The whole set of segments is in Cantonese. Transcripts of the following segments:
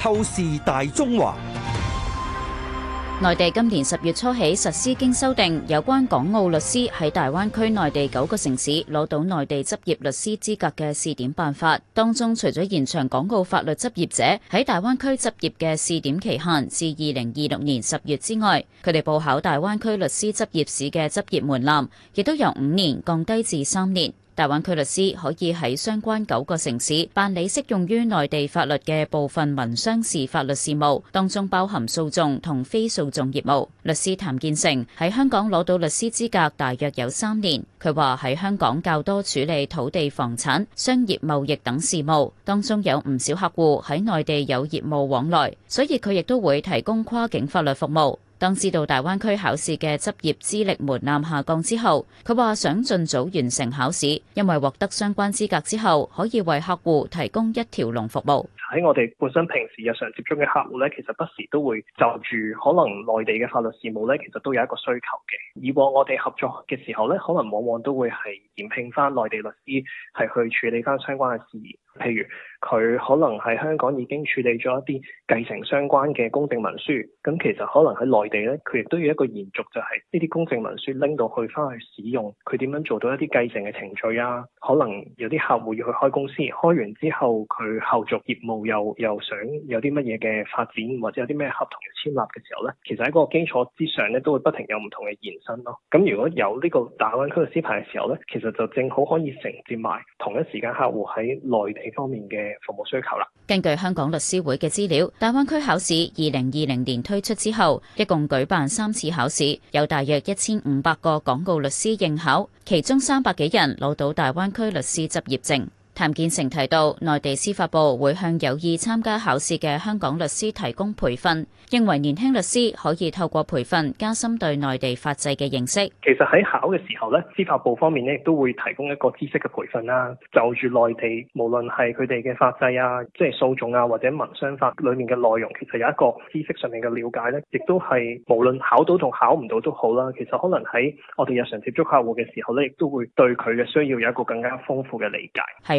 透視大中華。內地今年十月初起實施經修訂有關港澳律師喺大灣區內地九個城市攞到內地執業律師資格嘅試點辦法，當中除咗延長港澳法律執業者喺大灣區執業嘅試點期限至二零二六年十月之外，佢哋報考大灣區律師執業試嘅執業門檻亦都由五年降低至三年。大灣區律師可以喺相關九個城市辦理適用於內地法律嘅部分民商事法律事務，當中包含訴訟同非訴訟業務。律師譚建成喺香港攞到律師資格大約有三年，佢話喺香港較多處理土地、房產、商業、貿易等事務，當中有唔少客戶喺內地有業務往來，所以佢亦都會提供跨境法律服務。當知道大灣區考試嘅執業資歷門檻下降之後，佢話想盡早完成考試，因為獲得相關資格之後，可以為客戶提供一條龍服務。喺我哋本身平時日常接觸嘅客戶咧，其實不時都會就住可能內地嘅法律事務咧，其實都有一個需求嘅。以往我哋合作嘅時候咧，可能往往都會係延聘翻內地律師，係去處理翻相關嘅事宜。譬如佢可能喺香港已經處理咗一啲繼承相關嘅公證文書，咁其實可能喺內地咧，佢亦都要一個延續、就是，就係呢啲公證文書拎到去返去使用，佢點樣做到一啲繼承嘅程序啊？可能有啲客戶要去開公司，開完之後佢後續業務又又想有啲乜嘢嘅發展，或者有啲咩合同簽立嘅時候咧，其實喺嗰個基礎之上咧，都會不停有唔同嘅延伸咯。咁如果有呢個大灣區嘅司牌嘅時候咧，其實就正好可以承接埋同，同一時間，客戶喺內地。呢方面嘅服務需求啦。根據香港律師會嘅資料，大灣區考試二零二零年推出之後，一共舉辦三次考試，有大約一千五百個港澳律師應考，其中三百幾人攞到大灣區律師執業證。譚建成提到，內地司法部會向有意參加考試嘅香港律師提供培訓，認為年輕律師可以透過培訓加深對內地法制嘅認識。其實喺考嘅時候呢，司法部方面咧亦都會提供一個知識嘅培訓啦。就住內地，無論係佢哋嘅法制啊，即係訴訟啊，或者民商法裏面嘅內容，其實有一個知識上面嘅了解呢，亦都係無論考到同考唔到都好啦。其實可能喺我哋日常接觸客戶嘅時候呢，亦都會對佢嘅需要有一個更加豐富嘅理解。係。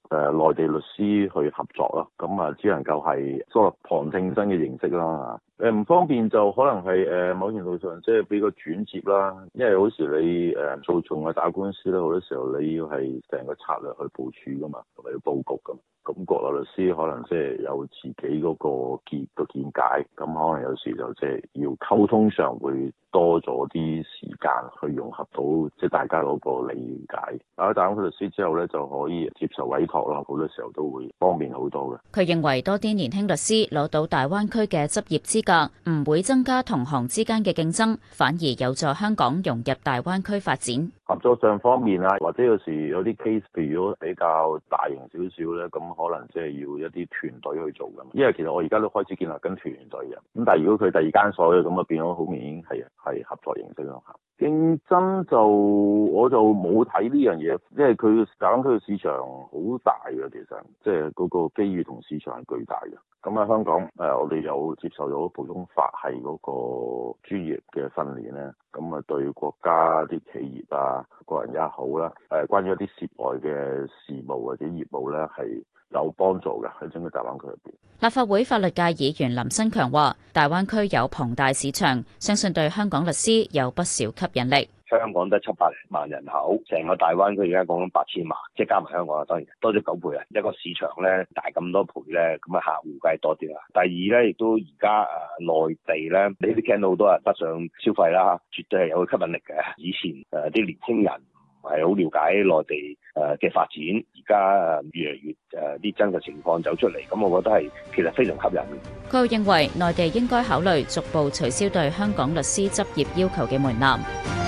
誒內地律師去合作咯，咁啊只能夠係作旁聽生嘅形式啦嚇。誒唔方便就可能係誒某程度上即係俾個轉接啦，因為有時你誒訴訟啊打官司咧好多時候你要係成個策略去部署噶嘛，同埋要佈局咁。咁國內律師可能即係有自己嗰個見個見解，咁可能有時就即係要溝通上會多咗啲時間去融合到即係、就是、大家嗰個理解。打咗打咗律師之後咧，就可以接受委託。可能好多時候都會方便好多嘅。佢認為多啲年輕律師攞到大灣區嘅執業資格，唔會增加同行之間嘅競爭，反而有助香港融入大灣區發展。合作上方面啊，或者有時有啲 case，譬如果比較大型少少咧，咁可能即係要一啲團隊去做嘅。因為其實我而家都開始建立緊團隊嘅。咁但係如果佢第二間所嘅咁啊，變咗好明顯係係合作形式咯嚇。競爭就我就冇睇呢樣嘢，因為佢搞港區嘅市場好大嘅，其實即係嗰個機遇同市場係巨大嘅。咁喺香港誒，我哋有接受咗普通法系嗰個專業嘅訓練咧，咁啊對國家啲企業啊。個人也好啦，誒，關於一啲涉外嘅事務或者業務咧，係有幫助嘅。喺整個大灣區入邊。立法會法律界議員林新強話，大灣區有龐大市場，相信對香港律師有不少吸引力。香港得七百零萬人口，成個大灣區而家講緊八千萬，即係加埋香港啦。當然多咗九倍啊！一個市場咧大咁多倍咧，咁啊客戶梗係多啲啦。第二咧，亦都而家誒內地咧，你都聽到好多人北上消費啦，絕對係有個吸引力嘅。以前誒啲年輕人唔係好了解內地誒嘅發展，而家越嚟越誒啲真實情況走出嚟，咁我覺得係其實非常吸引。佢又認為內地應該考慮逐步取消對香港律師執業要求嘅門檻。